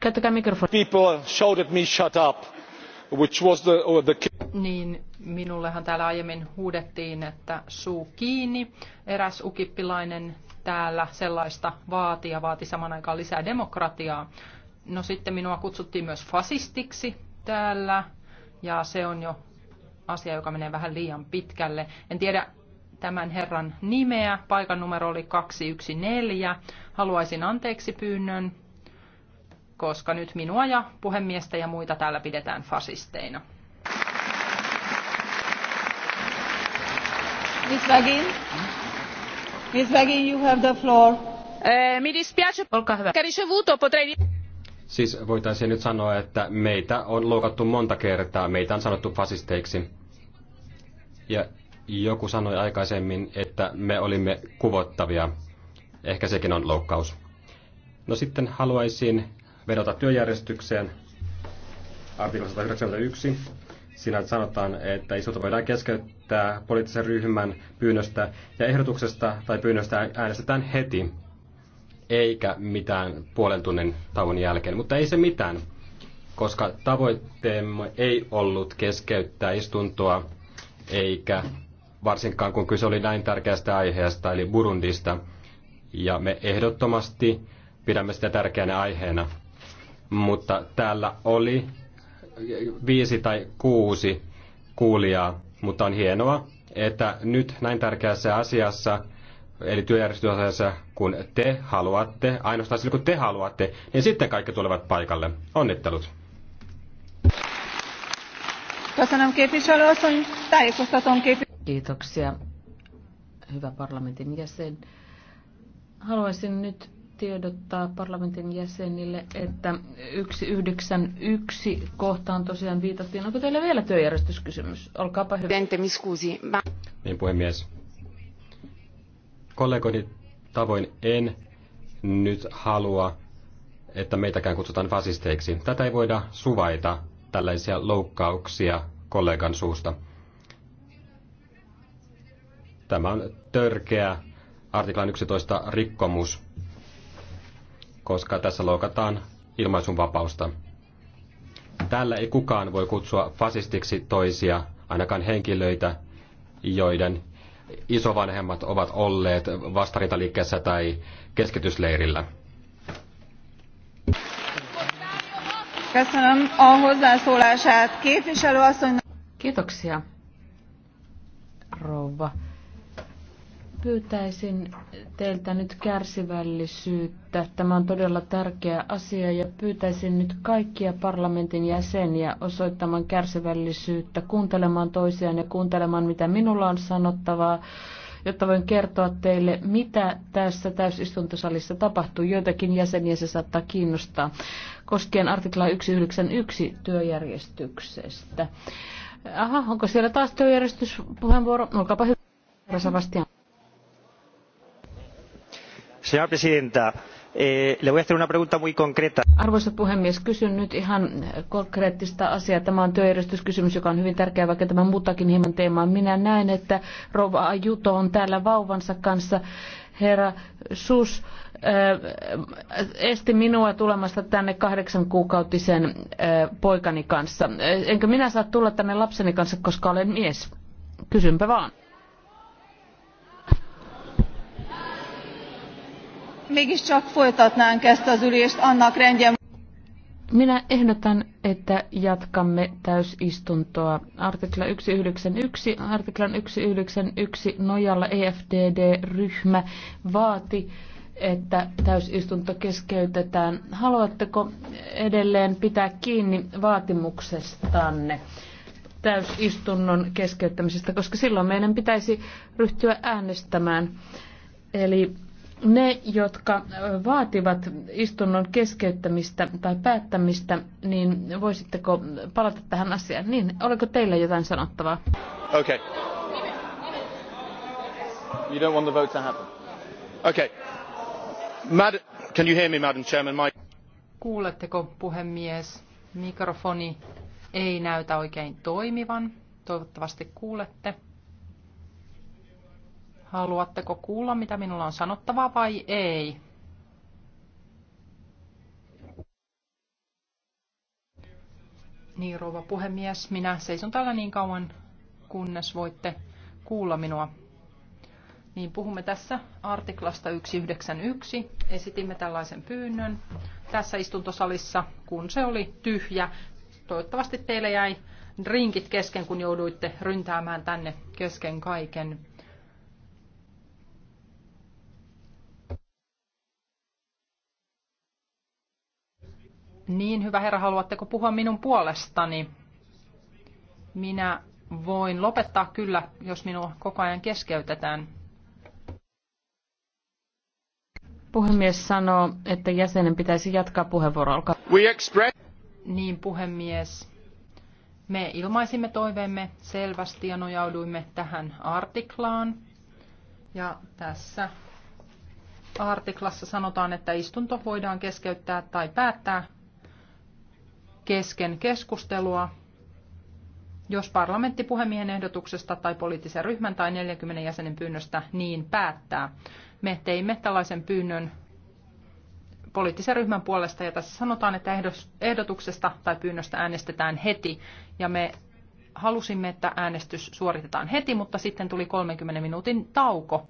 Käyttäkää mikrofoni. People shouted me shut up, which was the, Niin, minullehan täällä aiemmin huudettiin, että suu kiinni. Eräs ukippilainen täällä sellaista vaati ja vaati saman aikaan lisää demokratiaa. No sitten minua kutsuttiin myös fasistiksi täällä ja se on jo asia, joka menee vähän liian pitkälle. En tiedä tämän herran nimeä, paikan numero oli 214. Haluaisin anteeksi pyynnön koska nyt minua ja puhemiestä ja muita täällä pidetään fasisteina. Miss Bagin, Miss Bagin, you have the floor. Eh, mi dispiace, olkaa hyvä. Ricevuto, potrei... Siis voitaisiin nyt sanoa, että meitä on loukattu monta kertaa, meitä on sanottu fasisteiksi. Ja joku sanoi aikaisemmin, että me olimme kuvottavia. Ehkä sekin on loukkaus. No sitten haluaisin vedota työjärjestykseen artikla 191. Siinä sanotaan, että istunto voidaan keskeyttää poliittisen ryhmän pyynnöstä ja ehdotuksesta tai pyynnöstä äänestetään heti, eikä mitään puolen tunnin tauon jälkeen. Mutta ei se mitään, koska tavoitteemme ei ollut keskeyttää istuntoa, eikä varsinkaan kun kyse oli näin tärkeästä aiheesta, eli Burundista. Ja me ehdottomasti pidämme sitä tärkeänä aiheena mutta täällä oli viisi tai kuusi kuulijaa, mutta on hienoa, että nyt näin tärkeässä asiassa, eli työjärjestysasiassa, kun te haluatte, ainoastaan silloin kun te haluatte, niin sitten kaikki tulevat paikalle. Onnittelut! Kiitoksia, hyvä parlamentin jäsen. Haluaisin nyt tiedottaa parlamentin jäsenille, että 191 kohtaan tosiaan viitattiin. Onko teillä vielä työjärjestyskysymys? Olkaapa hyvä. Niin puhemies. Kollegoni tavoin en nyt halua, että meitäkään kutsutaan fasisteiksi. Tätä ei voida suvaita, tällaisia loukkauksia kollegan suusta. Tämä on törkeä artiklan 11 rikkomus koska tässä loukataan ilmaisunvapausta. Täällä ei kukaan voi kutsua fasistiksi toisia, ainakaan henkilöitä, joiden isovanhemmat ovat olleet vastarintaliikkeessä tai keskitysleirillä. Kiitoksia, rouva Pyytäisin teiltä nyt kärsivällisyyttä. Tämä on todella tärkeä asia ja pyytäisin nyt kaikkia parlamentin jäseniä osoittamaan kärsivällisyyttä, kuuntelemaan toisiaan ja kuuntelemaan, mitä minulla on sanottavaa, jotta voin kertoa teille, mitä tässä täysistuntosalissa tapahtuu. Joitakin jäseniä se saattaa kiinnostaa koskien artiklaa 191 työjärjestyksestä. Aha, onko siellä taas työjärjestyspuheenvuoro? Olkaapa hyvä, Sebastian. Señora presidenta, eh, le voy a hacer una pregunta muy concreta. Arvoisa puhemies, kysyn nyt ihan konkreettista asiaa. Tämä on työjärjestyskysymys, joka on hyvin tärkeä, vaikka tämä muuttakin hieman teemaa. Minä näen, että rouva Ajuto on täällä vauvansa kanssa. Herra Sus eh, esti minua tulemasta tänne kahdeksan kuukautisen eh, poikani kanssa. Enkö minä saa tulla tänne lapseni kanssa, koska olen mies? Kysynpä vaan. mégiscsak folytatnánk ezt az ülést annak rendje minä ehdotan, että jatkamme täysistuntoa. Artikla 191, artiklan 191 nojalla EFDD-ryhmä vaati, että täysistunto keskeytetään. Haluatteko edelleen pitää kiinni vaatimuksestanne täysistunnon keskeyttämisestä, koska silloin meidän pitäisi ryhtyä äänestämään. Eli ne, jotka vaativat istunnon keskeyttämistä tai päättämistä, niin voisitteko palata tähän asiaan? Niin, oliko teillä jotain sanottavaa? Okay. You don't want the vote to happen. Okay. Mad- Can you hear me, Madam Chairman? My... Kuuletteko, puhemies? Mikrofoni ei näytä oikein toimivan. Toivottavasti kuulette. Haluatteko kuulla, mitä minulla on sanottavaa vai ei? Niin, rouva puhemies, minä seison täällä niin kauan, kunnes voitte kuulla minua. Niin puhumme tässä artiklasta 191. Esitimme tällaisen pyynnön tässä istuntosalissa, kun se oli tyhjä. Toivottavasti teille jäi drinkit kesken, kun jouduitte ryntäämään tänne kesken kaiken. Niin, hyvä herra, haluatteko puhua minun puolestani? Minä voin lopettaa kyllä, jos minua koko ajan keskeytetään. Puhemies sanoo, että jäsenen pitäisi jatkaa puheenvuoroa. express... Niin, puhemies. Me ilmaisimme toiveemme selvästi ja nojauduimme tähän artiklaan. Ja tässä artiklassa sanotaan, että istunto voidaan keskeyttää tai päättää kesken keskustelua, jos parlamentti puhemiehen ehdotuksesta tai poliittisen ryhmän tai 40 jäsenen pyynnöstä niin päättää. Me teimme tällaisen pyynnön poliittisen ryhmän puolesta ja tässä sanotaan, että ehdotuksesta tai pyynnöstä äänestetään heti ja me halusimme, että äänestys suoritetaan heti, mutta sitten tuli 30 minuutin tauko.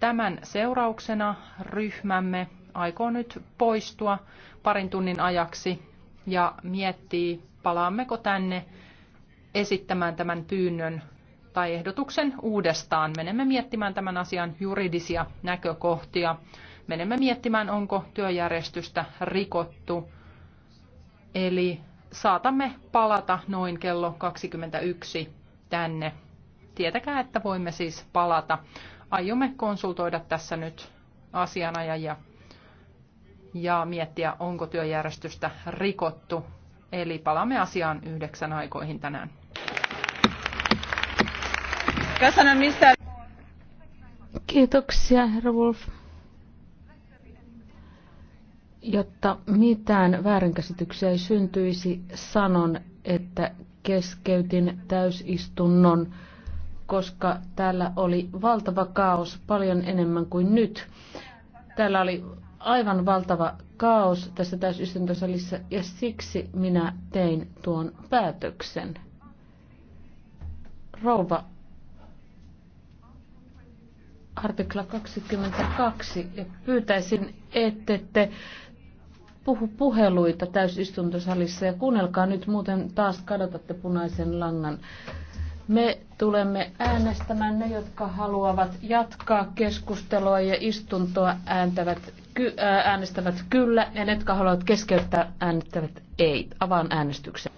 Tämän seurauksena ryhmämme aikoo nyt poistua parin tunnin ajaksi ja miettii, palaammeko tänne esittämään tämän pyynnön tai ehdotuksen uudestaan. Menemme miettimään tämän asian juridisia näkökohtia. Menemme miettimään, onko työjärjestystä rikottu. Eli saatamme palata noin kello 21 tänne. Tietäkää, että voimme siis palata. Aiomme konsultoida tässä nyt asianajajia ja miettiä, onko työjärjestystä rikottu. Eli palaamme asiaan yhdeksän aikoihin tänään. Kiitoksia, herra Wolf. Jotta mitään väärinkäsityksiä ei syntyisi, sanon, että keskeytin täysistunnon, koska täällä oli valtava kaos paljon enemmän kuin nyt. Täällä oli aivan valtava kaos tässä täysistuntosalissa ja siksi minä tein tuon päätöksen. Rouva, artikla 22 ja pyytäisin, ette te puhu puheluita täysistuntosalissa ja kuunnelkaa nyt, muuten taas kadotatte punaisen langan. Me tulemme äänestämään ne, jotka haluavat jatkaa keskustelua ja istuntoa ääntävät ky- äänestävät kyllä ja ne, jotka haluavat keskeyttää, äänestävät ei. Avaan äänestyksen.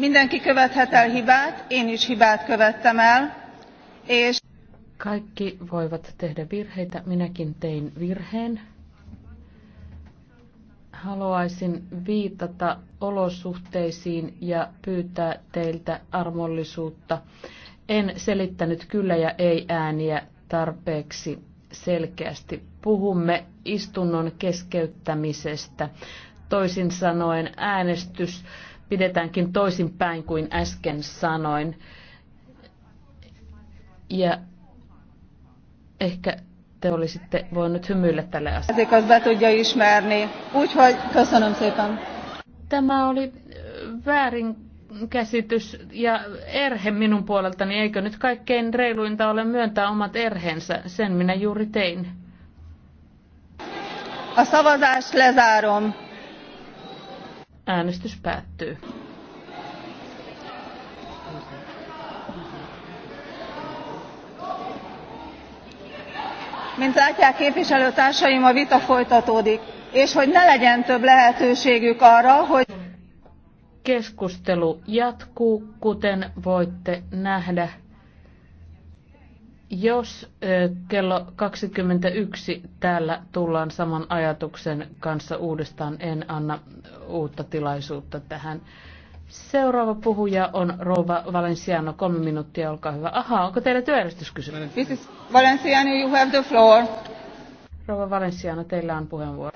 Mindenki követhet el hibát, én is hibát követtem el, és... Kaikki voivat tehdä virheitä, minäkin tein virheen. Haluaisin viitata olosuhteisiin ja pyytää teiltä armollisuutta. En selittänyt kyllä ja ei ääniä tarpeeksi selkeästi. Puhumme istunnon keskeyttämisestä. Toisin sanoen äänestys pidetäänkin toisinpäin kuin äsken sanoin. Ja ehkä te olisitte voineet hymyillä tälle asialle. Tämä oli väärin käsitys ja erhe minun puoleltani. Eikö nyt kaikkein reiluinta ole myöntää omat erheensä? Sen minä juuri tein. A szavazást lezárom. Äänestys päättyy. Mint látják képviselőtársaim, a vita folytatódik, és hogy ne legyen több lehetőségük arra, hogy... Keskustelu jatkuu, kuten voitte nähdä. Jos kello 21 täällä tullaan saman ajatuksen kanssa uudestaan, en anna uutta tilaisuutta tähän. Seuraava puhuja on Rouva Valenciano. Kolme minuuttia, olkaa hyvä. Aha, onko teillä työjärjestyskysymys? Mrs. Valenciano, you have the floor. Rouva Valenciano, teillä on puheenvuoro.